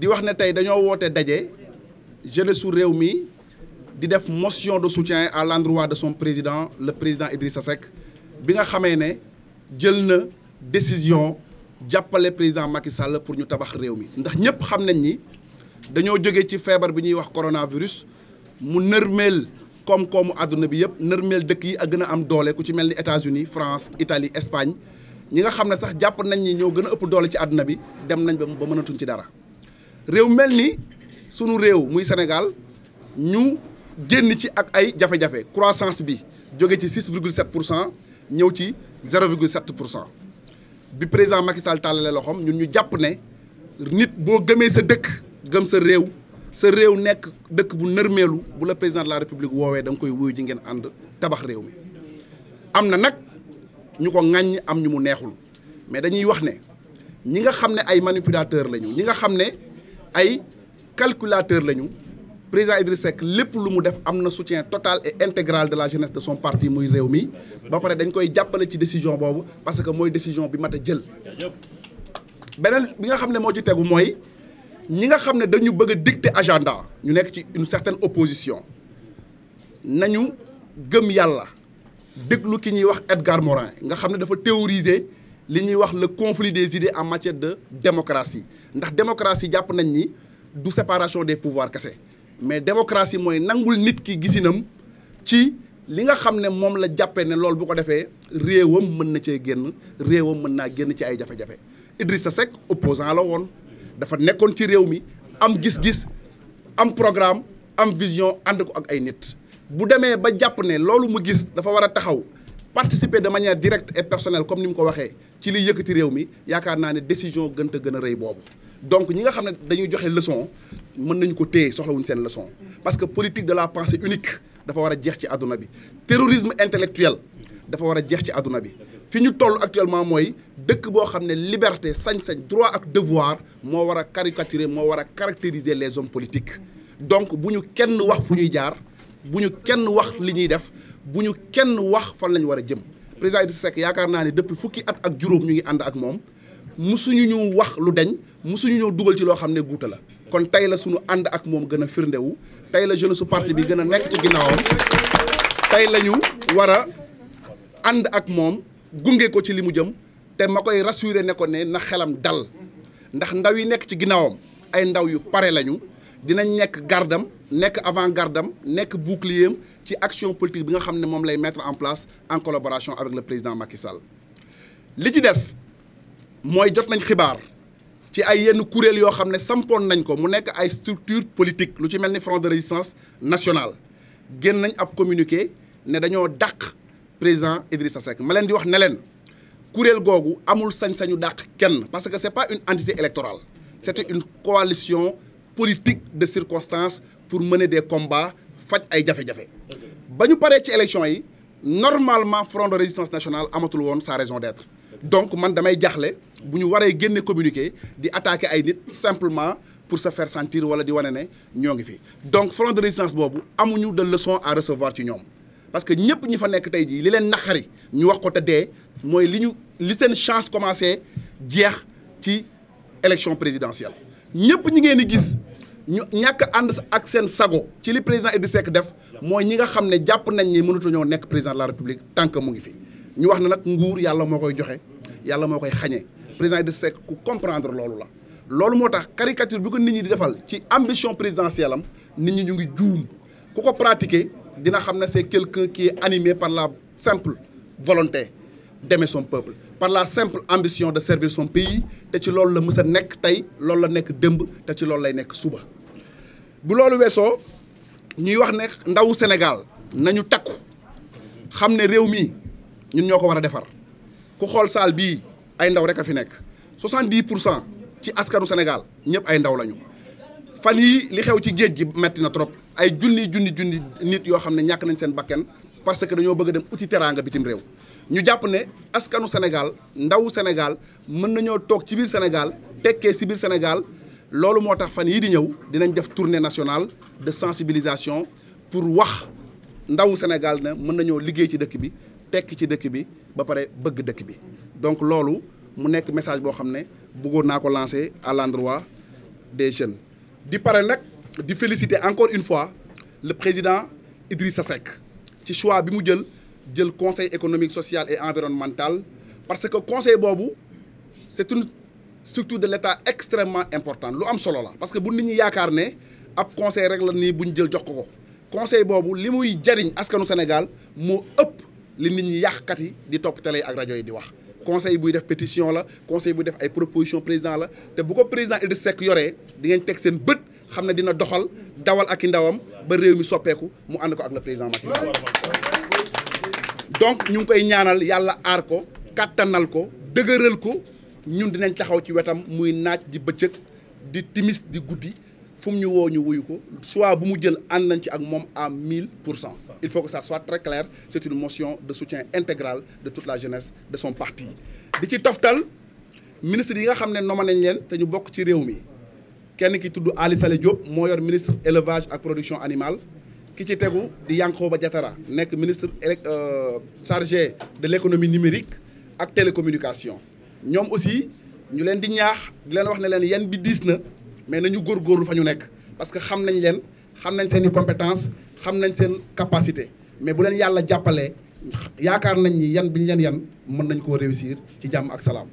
di wax ne tey dañoo woote daje jeunesse su réew mi di def motion de soutien à l'endroit de son président le président Idrissa Seck bi nga xamee ne jël na décision jàppale président Macky Sall pour ñu tabax réew mi ndax ñëpp xam nañ ni dañoo jóge ci feebar bi ñuy wax coronavirus mu nërmeel koom-koomu àdduna bi yëpp nërmeel dëkk yi ak gën a am doole ku ci mel ni États-Unis France Italie Espagne ñi nga xam ne sax jàpp nañ ni ñoo gën a ëpp doole ci àdduna bi dem nañ ba ba mënatuñ ci dara réew mel ni sunu réew muy Sénégal ñu génn ci ak ay jafe-jafe croissance bi jóge ci 6,7 pour cent ñëw ci 0,7 pour cent. bi président Macky Sall tàllale loxoom ñun ñu jàpp ne nit boo gëmee sa dëkk gëm sa réew sa réew nekk dëkk bu nërmeelu bu la président de la république woowee da nga koy wuyu ji ngeen ànd tabax réew mi am na nag ñu ko ŋàññ am ñu mu neexul mais dañuy wax ne ñi nga xam ne ay manipulateur lañu ñi nga xam ne ay calculateur lañu président Idriss sec lépp lu mu def am na soutien total et intégral de la jeunesse de son parti muy réew mi ba pare dañ koy jàppale ci décision boobu parce que mooy décision bi mat a jël beneen bi nga xam ne moo ci tegu mooy ñi nga xam ne dañu bëgg a dicter agenda ñu nekk ci une certaine opposition nañu gëm yàlla déglu ki ñuy wax Edgar Morin nga xam ne dafa théoriser li ñuy wax le conflit des idées en matière de démocratie ndax démocratie jàpp nañ ni du séparation des pouvoirs kese mais démocratie mooy nangul nit ki gisinam ci li nga xam ne moom la jàppee ne loolu bu ko defee réewam mën na cee génn réewam mën naa génn ci ay jafe-jafe sa Seck opposant la woon dafa nekkoon ci réew mi am gis-gis am programme am vision ànd ko ak ay nit bu demee ba jàpp ne loolu mu gis dafa war a taxaw participer de manière directe et personnelle comme ni mu ko waxee ci liy yëkkati réew mi yaakaar naa ne décision gën a gën a rëy boobu donc ñi nga xam ne dañuy joxe leçon mën nañu ko téye soxlawuñ seen leçon parce que politique de la pensée unique dafa war a jeex ci àdduna bi terrorisme intellectuel dafa war a jeex ci àdduna bi fi ñu toll actuellement mooy dëkk boo xam ne liberté sañ-sañ droit ak devoir moo war a caricaturer moo war a caractériser les hommes politiques donc bu ñu kenn wax fu ñuy jaar bu ñu kenn wax li ñuy def bu ñu kenn wax fan la ñu war a jëm président Idrissa yaakaar naa ne depuis fukki at ak juróom ñu ngi ànd ak moom musuñu ñu wax lu deñ musuñu ñëw dugal ci loo xam ne guuta la kon tey la suñu ànd ak moom gën a firndewu tey la jeunesse su parti bi gën a nekk ci ginnaawam tey la ñu war a ànd ak moom gunge ko ci li mu jëm te ma koy rassuré ne ko ne na xelam dal ndax ndaw yi nekk ci ginnaawam ay ndaw yu pare lañu dinañ nekk gardam nekk avant gardem nekk bouclier ci action politique bi nga xam ne moom lay mettre en place en collaboration avec le président Macky li ci des. mooy jot nañ xibaar ci ay yenn kuréel yoo xam ne sampoon nañ ko mu nekk ay structure politique lu ci mel ni front de résistance nationale génn nañ ab communiqué ne dañoo dàq président Idrissa Seck ma leen di wax ne leen kuréel googu amul sañ-sañu dàq kenn parce que c'est pas une entité électorale c'était une coalition politique de circonstance pour mener des combats faj ay jafe-jafe ba ñu paree ci élection yi normalement front de résistance nationale amatul woon sa raison donc man damay jaaxle bu ñu waree génne communiqué di attaquer ay nit simplement pour se faire sentir wala di wane ne ñoo ngi fi donc front de résistance boobu amuñu de leçon à recevoir ci ñoom parce que ñëpp ñi fa nekk tey jii li leen naqari ñu wax ko te dee mooy li ñu li seen chance commencé jeex ci élection présidentielle ñëpp ñi ngeen di gis ñu ñàkk ànd ak seen sago ci li président Idrissa Seck def mooy ñi nga xam ne jàpp nañ ni mënatu ñoo nekk président de la république tant que mu ngi fi ñu wax na nag nguur yàlla moo koy joxe yàlla moo koy xañee président Idrissa Seck ku comprendre loolu la loolu moo tax caricature bi ko nit ñi di defal ci ambition présidentielle am nit ñi ñu ngi juum ku ko pratiquer dina xam ne c'est quelqu'un qui est animé par la simple volonté d'aimer son peuple par la simple ambition de servir son pays te ci loolu la mës a nekk tey loolu la nekk dëmb te ci loolu lay nekk suba bu loolu weesoo ñuy wax ne ndawu Sénégal nañu takku xam ne réew mii ñun ñoo ko war a defar ku xool saal bii ay ndaw rek a fi nekk 70 pour cent ci askanu Sénégal ñëpp ay ndaw lañu fan yi li xew ci géej gi metti na trop ay junni junni junni nit yoo xam ne ñàkk nañ seen bakken parce que dañoo bëgg a dem uti teraanga bitim réew ñu jàpp ne askanu Sénégal ndawu Sénégal mën nañoo toog ci biir Sénégal tekkee si biir Sénégal loolu moo tax fan yii di ñëw dinañ def tournée nationale de sensibilisation pour wax ndawu Sénégal ne mën nañoo liggéey ci dëkk bi tekk ci dëkk bi ba pare bëgg dëkk bi donc loolu mu nekk message boo xam ne bëggoon naa ko lancer à l'endroit des jeunes di pare nag di féliciter encore une fois le président Idrissa Seck ci choix bi mu jël jël conseil économique social et environnemental parce que conseil boobu c'est une structure de l'État extrêmement important lu am solo la parce que bu nit ñi yaakaar ne ab conseil rek la nii buñ jël jox ko ko conseil boobu li muy jariñ askanu Sénégal moo ëpp li nit ñi yàqkat yi di topp télé yi rajo yi di wax conseil buy def pétition la conseil buy def ay proposition président la te bu ko président Idrissa Seck yoree di ngeen teg seen bët xam ne dina doxal dawal ak i ndawam ba réew mi soppeeku mu ànd ko ak le président Macky Sall donc ñu ngi koy ñaanal yàlla aar ko kàttanal ko dëgëral ko ñun dinañ taxaw ci wetam muy naaj di bëccëg di timis di guddi fu mu ñu woo ñu wuyu ko choix bu mu jël ànd nañ ci ak moom à mille pour cent il faut que ça soit très clair c'est une motion de soutien intégral de toute la jeunesse de son parti di ci toftal ministre yi nga xam ne nommé nañ leen te ñu bokk ci réew mi kenn ki tudd Ali Saleh Diop moo yor ministre élevage ak production animale ki ci tegu di ba Diattara nekk ministre euh, chargé de l'économie numérique ak télécommunication ñoom aussi ñu leen di ñaax di leen wax ne leen yan bi diis na mais nañu góorlu fa ñu nekk parce que xam nañ leen xam nañ seen i compétence xam nañ seen capacité mais bu leen yàlla jàppalee yaakaar nañ ni yan bi ñu leen yan mën nañ koo réussir ci jàmm ak salaam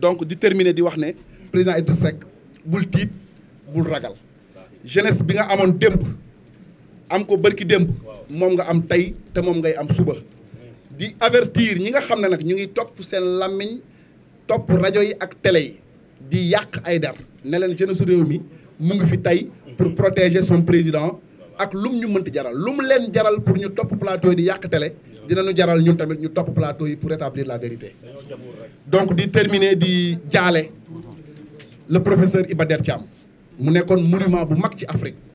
donc di terminer di wax ne président Idrissa Seck bul tiit bul ragal jeunesse bi nga amoon démb am ko bërki démb moom nga am tey te moom ngay am suba di avertir ñi nga xam ne nag ñu ngi topp seen làmmiñ topp rajo yi ak télé yi di yàq ay dar ne leen jeunesse réew mi mu ngi fi tey pour protéger son président ak lum ñu mënti jaral lu mu leen jaral pour ñu topp plateau yi di yàq télé dinañu jaral ñun tamit ñu topp plateau yi pour rétablir la vérité donc di terminer di jaale le professeur Iba Der Thiam mu nekkoon monument bu mag ci Afrique